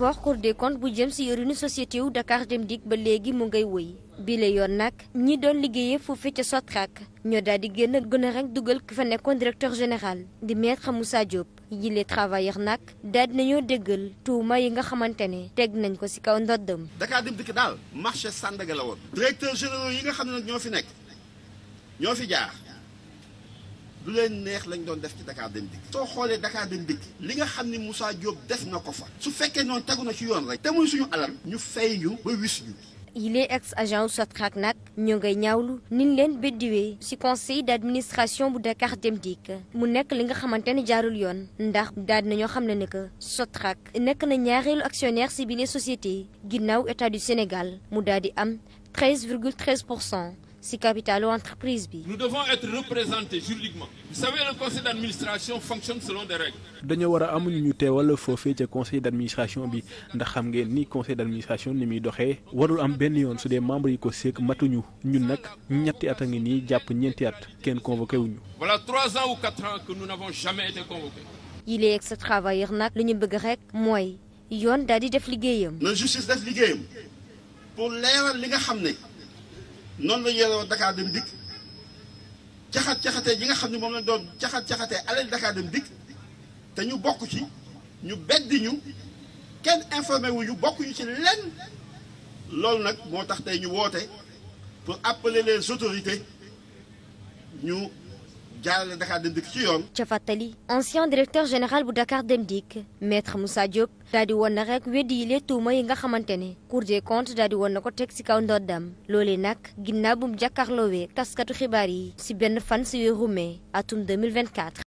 rapport Cour des comptes bu jëm si yorinu société wu Dakar Dem Dikk ba léegi mu ngay wëy bi yoon nag ñi doon liggéeyee foofu ca Sotrac ñoo daal di génn gën a dugal ki fa nekkoon directeur général di maître Moussa Diop yi les travailleurs nag daal dinañoo déggal tuuma yi nga xamante ne teg nañ ko si kaw ndoddam Dakar Dem Dikk daal marché Sandaga la général yi nga xam ne ñoo fi nekk ñoo fi jaar lu leen neex lañ doon def ci Dakar Dem Dikk soo xoolee Dakar Dem Dikk li nga xam ni Moussa Diop def na ko fa su fekkee noonu tegu na ci yoon rek te muy suñu alal ñu fay ñu ba wis ñu yile ex agent Sotrac nag ñoo ngay ñaawlu niñ leen beddiwee ci conseil d'administration bu Dakar Dem Dikk mu nekk li nga xamante ne jaarul yoon ndax daal na ñoo xam ne ne que Sotrac nekk na ñaareelu actionnaire ci bile société ginnaaw état du Sénégal mu daal di am 13,13 pour cent si capital ou entreprise bi. nous devons être représentés juridiquement. vous savez le conseil d'administration fonctionne selon des règles. dañoo war a am ñu ñu teewal foofee ca conseil d'administration bi ndax xam ngeen ni conseil d'administration ni muy doxee warul am benn yoon su dee membre yi ko seek matuñu ñun nag ñetti at a ngi nii jàpp ñeenti at kenn convoqué wuñu. voilà trois ans ou quatre ans que nous n'avons jamais été convoqués. il est ex-travailleur mooy yoon daal di def liggéeyam. na justice noonu la ñu yore woon Dakar dem dikk caxat caxatee yi nga xam ne moom la doon caxat caxatee alal Dakar dem dikk te ñu bokk ci ñu beddi ñu kenn informé wu ñu bokk ñu ci lenn loolu nag moo tax tey ñu woote pour appeler les autorités ñu. jaarale Dakar ca fàttali ancien directeur général bu Dakar Dem Dikk maître Moussa Diop daal di woon na rek weddi yi lee tuuma yi nga xamante ne Cour des comptes daal woon na ko teg si kaw ndoddam loolee nag ginnaaw bu mu jàkkaarloowee taskatu xibaar yi si benn fan si weeru mai atum 2024.